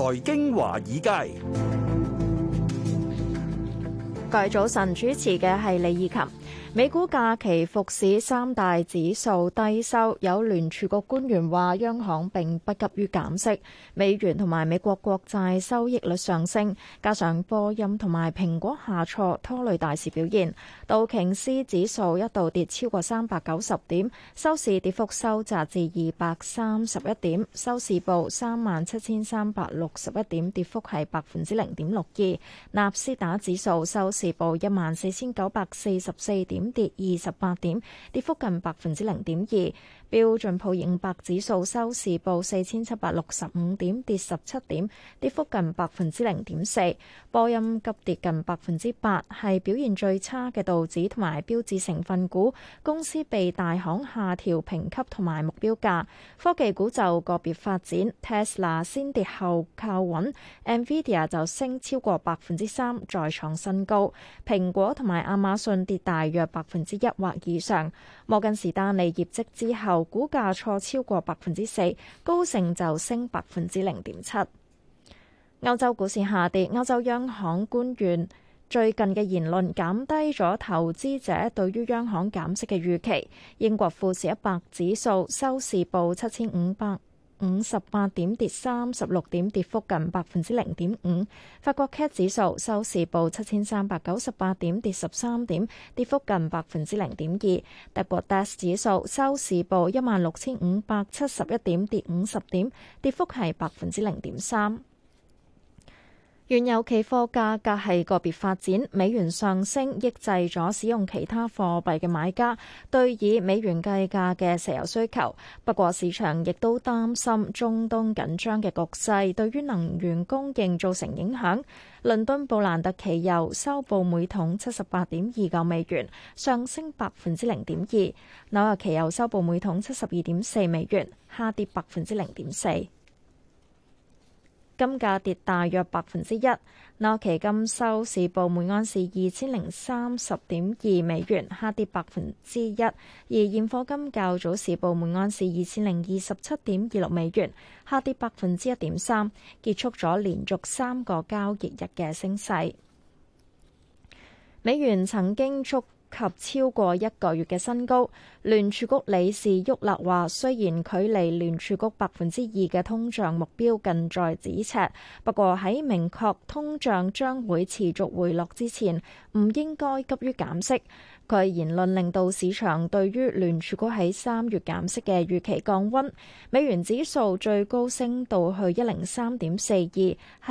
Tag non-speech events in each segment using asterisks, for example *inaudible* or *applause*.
財經華爾街，早早晨主持嘅係李綺琴。美股假期復市，三大指數低收。有聯儲局官員話，央行並不急於減息。美元同埋美國國債收益率上升，加上波音同埋蘋果下挫拖累大市表現。道瓊斯指數一度跌超過三百九十點，收市跌幅收窄至二百三十一點，收市報三萬七千三百六十一點，跌幅係百分之零點六二。納斯達指數收市報一萬四千九百四十四點。點跌二十八點，跌幅近百分之零點二。標準普爾五百指數收市報四千七百六十五點，跌十七點，跌幅近百分之零點四。波音急跌近百分之八，係表現最差嘅道指同埋標指成分股，公司被大行下調評級同埋目標價。科技股就個別發展，Tesla 先跌後靠穩，Nvidia 就升超過百分之三，再創新高。蘋果同埋亞馬遜跌大約百分之一或以上。摩根士丹利業績之後，股價挫超過百分之四，高盛就升百分之零點七。歐洲股市下跌，歐洲央行官員最近嘅言論減低咗投資者對於央行減息嘅預期。英國富時一百指數收市報七千五百五十八點，跌三十六點，跌幅近百分之零點五。法國 CAC 指數收市報七千三百九十八點，跌十三點，跌幅近百分之零點二。德國 DAX 指數收市報一萬六千五百七十一點，跌五十點，跌幅係百分之零點三。原油期貨價格係個別發展，美元上升抑制咗使用其他貨幣嘅買家對以美元計價嘅石油需求。不過市場亦都擔心中東緊張嘅局勢對於能源供應造成影響。倫敦布蘭特期油收報每桶七十八點二九美元，上升百分之零點二；紐約期油收報每桶七十二點四美元，下跌百分之零點四。金價跌大約百分之一，紐期金收市報每盎司二千零三十點二美元，下跌百分之一；而現貨金較早市報每盎司二千零二十七點二六美元，下跌百分之一點三，結束咗連續三個交易日嘅升勢。美元曾經觸及超過一個月嘅新高，聯儲局理事沃勒話：雖然距離聯儲局百分之二嘅通脹目標近在咫尺，不過喺明確通脹將會持續回落之前，唔應該急於減息。佢言論令到市場對於聯儲局喺三月減息嘅預期降温，美元指數最高升到去一零三點四二，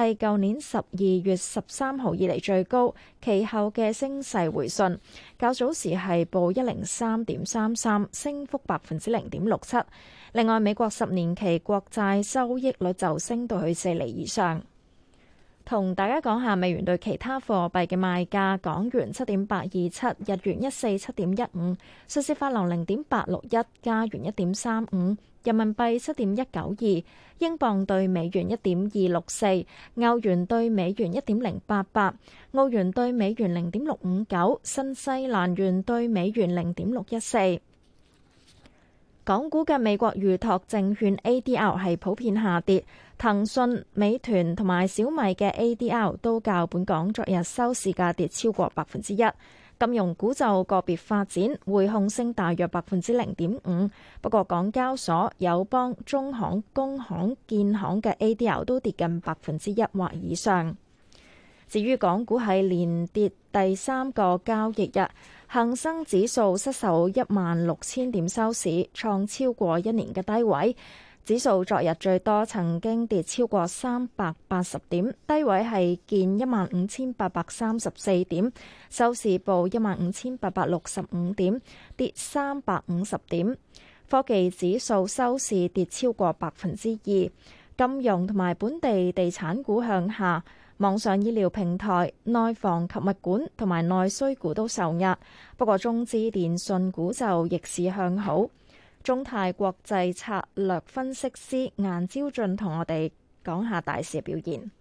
係舊年十二月十三號以嚟最高。其後嘅升勢回順，較早時係報一零三點三三，升幅百分之零點六七。另外，美國十年期國債收益率就升到去四厘以上。同大家講下美元對其他貨幣嘅賣價：港元七點八二七，日元一四七點一五，瑞士法郎零點八六一，加元一點三五，人民幣七點一九二，英鎊對美元一點二六四，歐元對美元一點零八八，澳元對美元零點六五九，新西蘭元對美元零點六一四。港股嘅美國預託證券 A D L 係普遍下跌，騰訊、美團同埋小米嘅 A D L 都較本港昨日收市價跌超過百分之一。金融股就個別發展，匯控升大約百分之零點五，不過港交所、友邦、中行、工行、建行嘅 A D L 都跌近百分之一或以上。至於港股係連跌第三個交易日，恒生指數失守一萬六千點收市，創超過一年嘅低位。指數昨日最多曾經跌超過三百八十點，低位係見一萬五千八百三十四點，收市報一萬五千八百六十五點，跌三百五十點。科技指數收市跌超過百分之二，金融同埋本地地產股向下。網上醫療平台、內房及物管同埋內需股都受壓，不過中資電信股就逆市向好。中泰國際策略分析師顏朝俊同我哋講下大市表現。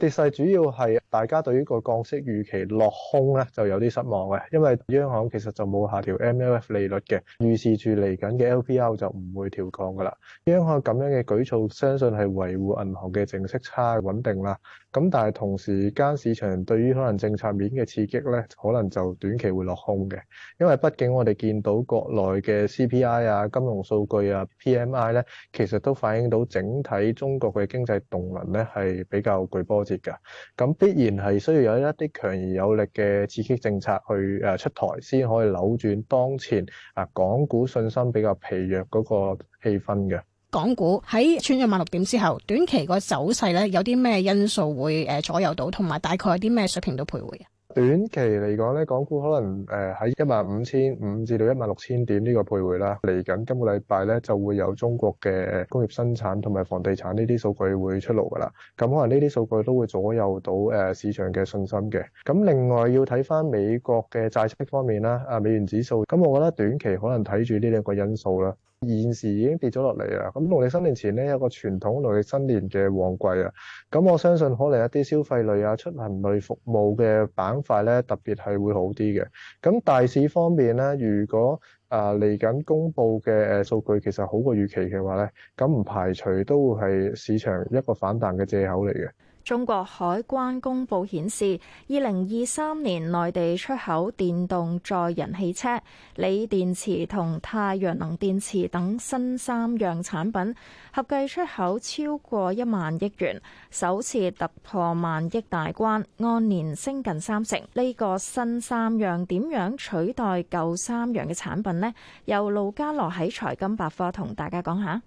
跌勢主要係大家對於個降息預期落空咧，就有啲失望嘅。因為央行其實就冇下調 MLF 利率嘅，預示住嚟緊嘅 LPR 就唔會調降㗎喇。央行咁樣嘅舉措，相信係維護銀行嘅淨息差穩定啦。咁但係同時間，市場對於可能政策面嘅刺激咧，可能就短期會落空嘅。因為畢竟我哋見到國內嘅 CPI 啊、金融數據啊、PMI 咧，其實都反映到整體中國嘅經濟動能咧，係比較巨波。嘅，咁必然係需要有一啲強而有力嘅刺激政策去誒出台，先可以扭轉當前啊港股信心比較疲弱嗰個氣氛嘅。港股喺穿咗萬六點之後，短期個走勢咧，有啲咩因素會誒左右到，同埋大概有啲咩水平度徘徊啊？短期嚟講咧，港股可能誒喺一萬五千五至到一萬六千點呢個徘徊啦。嚟緊今個禮拜咧就會有中國嘅工業生產同埋房地產呢啲數據會出爐噶啦。咁可能呢啲數據都會左右到誒市場嘅信心嘅。咁另外要睇翻美國嘅債息方面啦，啊美元指數。咁我覺得短期可能睇住呢兩個因素啦。現時已經跌咗落嚟啦，咁農曆新年前咧有個傳統農曆新年嘅旺季啊，咁我相信可能一啲消費類啊、出行類服務嘅板塊咧，特別係會好啲嘅。咁大市方面咧，如果啊嚟緊公布嘅誒數據其實好過預期嘅話咧，咁唔排除都會係市場一個反彈嘅借口嚟嘅。中國海關公布顯示，二零二三年內地出口電動載人汽車、鋰電池同太陽能電池等新三樣產品，合計出口超過一萬億元，首次突破萬億大關，按年升近三成。呢、這個新三樣點樣取代舊三樣嘅產品呢？由盧家樂喺財金百科同大家講下。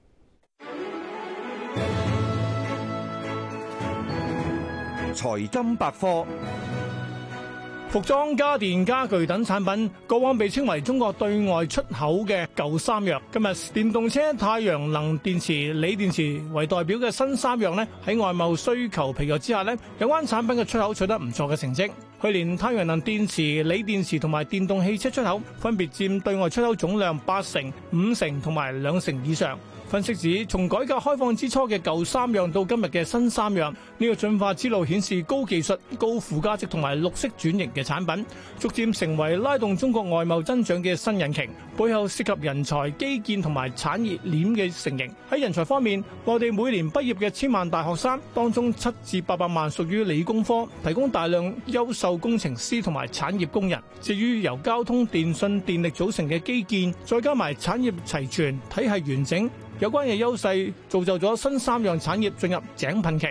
*music* 財金百科，服裝、家電、家具等產品，過往被稱為中國對外出口嘅舊三樣。今日電動車、太陽能電池、鋰電池為代表嘅新三樣咧，喺外貿需求疲弱之下咧，有關產品嘅出口取得唔錯嘅成績。去年太陽能電池、鋰電池同埋電動汽車出口分別占對外出口總量八成、五成同埋兩成以上。分析指，從改革開放之初嘅舊三樣到今日嘅新三樣，呢個進化之路顯示高技術、高附加值同埋綠色轉型嘅產品，逐漸成為拉動中國外貿增長嘅新引擎。背後涉及人才、基建同埋產業鏈嘅成形。喺人才方面，內地每年畢業嘅千萬大學生當中，七至八百萬屬於理工科，提供大量優秀。工程師同埋產業工人，至於由交通、電信、電力組成嘅基建，再加埋產業齊全、體系完整，有關嘅優勢，造就咗新三樣產業進入井噴期。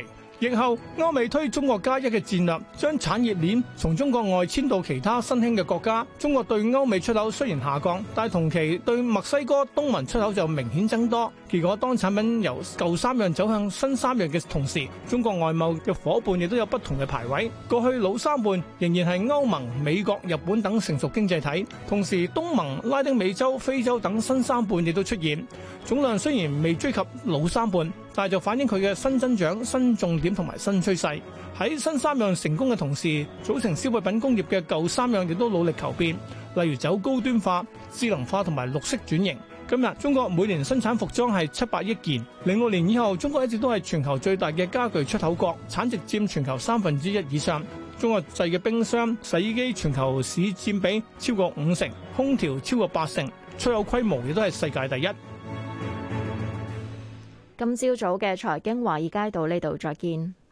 疫後，歐美推中國加一嘅戰略，將產業鏈從中國外遷到其他新興嘅國家。中國對歐美出口雖然下降，但係同期對墨西哥、東盟出口就明顯增多。結果當產品由舊三樣走向新三樣嘅同時，中國外貿嘅伙伴亦都有不同嘅排位。過去老三伴仍然係歐盟、美國、日本等成熟經濟體，同時東盟、拉丁美洲、非洲等新三伴亦都出現。總量雖然未追及老三伴，但係就反映佢嘅新增長、新重點。同埋新趨勢，喺新三樣成功嘅同時，組成消費品工業嘅舊三樣亦都努力求變，例如走高端化、智能化同埋綠色轉型。今日中國每年生產服裝係七百億件，零六年以後中國一直都係全球最大嘅家具出口國，產值佔全球三分之一以上。中國製嘅冰箱、洗衣機全球市佔比超過五成，空調超過八成，出口規模亦都係世界第一。今朝早嘅財經華爾街到呢度再見。